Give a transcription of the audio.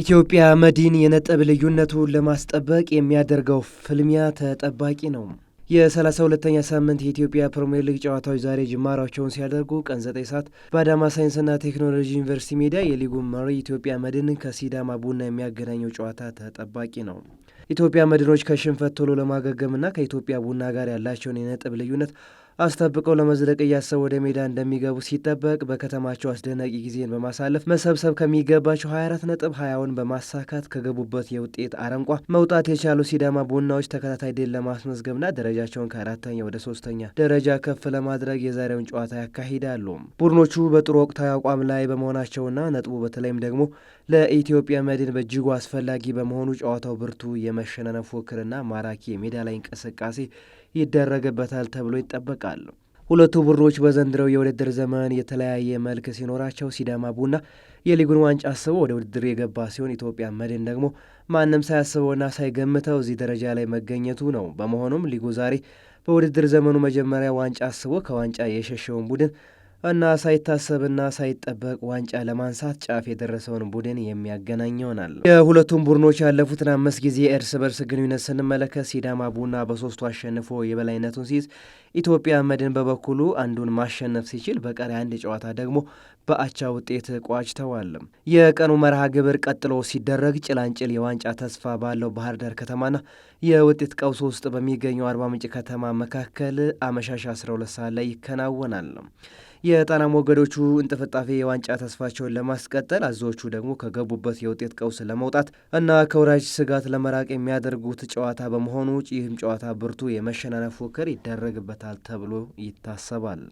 ኢትዮጵያ መድን የነጥብ ልዩነቱን ለማስጠበቅ የሚያደርገው ፍልሚያ ተጠባቂ ነው። የሰላሳ ሁለተኛ ሳምንት የኢትዮጵያ ፕሪምየር ሊግ ጨዋታዎች ዛሬ ጅማራቸውን ሲያደርጉ ቀን 9 ሰዓት በአዳማ ሳይንስና ቴክኖሎጂ ዩኒቨርሲቲ ሜዳ የሊጉ መሪ ኢትዮጵያ መድን ከሲዳማ ቡና የሚያገናኘው ጨዋታ ተጠባቂ ነው። ኢትዮጵያ መድኖች ከሽንፈት ቶሎ ለማገገምና ከኢትዮጵያ ቡና ጋር ያላቸውን የነጥብ ልዩነት አስጠብቀው ለመዝለቅ እያሰቡ ወደ ሜዳ እንደሚገቡ ሲጠበቅ በከተማቸው አስደናቂ ጊዜን በማሳለፍ መሰብሰብ ከሚገባቸው 24 ነጥብ ሀያውን በማሳካት ከገቡበት የውጤት አረንቋ መውጣት የቻሉ ሲዳማ ቡናዎች ተከታታይ ድል ለማስመዝገብና ደረጃቸውን ከአራተኛ ወደ ሶስተኛ ደረጃ ከፍ ለማድረግ የዛሬውን ጨዋታ ያካሂዳሉ። ቡድኖቹ በጥሩ ወቅታዊ አቋም ላይ በመሆናቸውና ነጥቡ በተለይም ደግሞ ለኢትዮጵያ መድን በእጅጉ አስፈላጊ በመሆኑ ጨዋታው ብርቱ የመሸነነፍ ፉክክርና ማራኪ የሜዳ ላይ እንቅስቃሴ ይደረግበታል ተብሎ ይጠበቃል። ይጠብቃሉ። ሁለቱ ቡድኖች በዘንድረው የውድድር ዘመን የተለያየ መልክ ሲኖራቸው ሲዳማ ቡና የሊጉን ዋንጫ አስቦ ወደ ውድድር የገባ ሲሆን ኢትዮጵያ መድን ደግሞ ማንም ሳያስበውና ሳይገምተው እዚህ ደረጃ ላይ መገኘቱ ነው። በመሆኑም ሊጉ ዛሬ በውድድር ዘመኑ መጀመሪያ ዋንጫ አስቦ ከዋንጫ የሸሸውን ቡድን እና ሳይታሰብና ሳይጠበቅ ዋንጫ ለማንሳት ጫፍ የደረሰውን ቡድን የሚያገናኝ ይሆናል። የሁለቱም ቡድኖች ያለፉትን አምስት ጊዜ እርስ በርስ ግንኙነት ስንመለከት ሲዳማ ቡና በሶስቱ አሸንፎ የበላይነቱን ሲይዝ፣ ኢትዮጵያ መድን በበኩሉ አንዱን ማሸነፍ ሲችል በቀሪ አንድ ጨዋታ ደግሞ በአቻ ውጤት ቋጭተዋል። የቀኑ መርሃ ግብር ቀጥሎ ሲደረግ ጭላንጭል የዋንጫ ተስፋ ባለው ባህር ዳር ከተማና የውጤት ቀውስ ውስጥ በሚገኘው አርባ ምንጭ ከተማ መካከል አመሻሽ 12 ሰዓት ላይ ይከናወናል። የጣና ሞገዶቹ እንጥፍጣፊ የዋንጫ ተስፋቸውን ለማስቀጠል አዞዎቹ ደግሞ ከገቡበት የውጤት ቀውስ ለመውጣት እና ከወራጅ ስጋት ለመራቅ የሚያደርጉት ጨዋታ በመሆኑ ይህም ጨዋታ ብርቱ የመሸናነፍ ፉክክር ይደረግበታል ተብሎ ይታሰባል።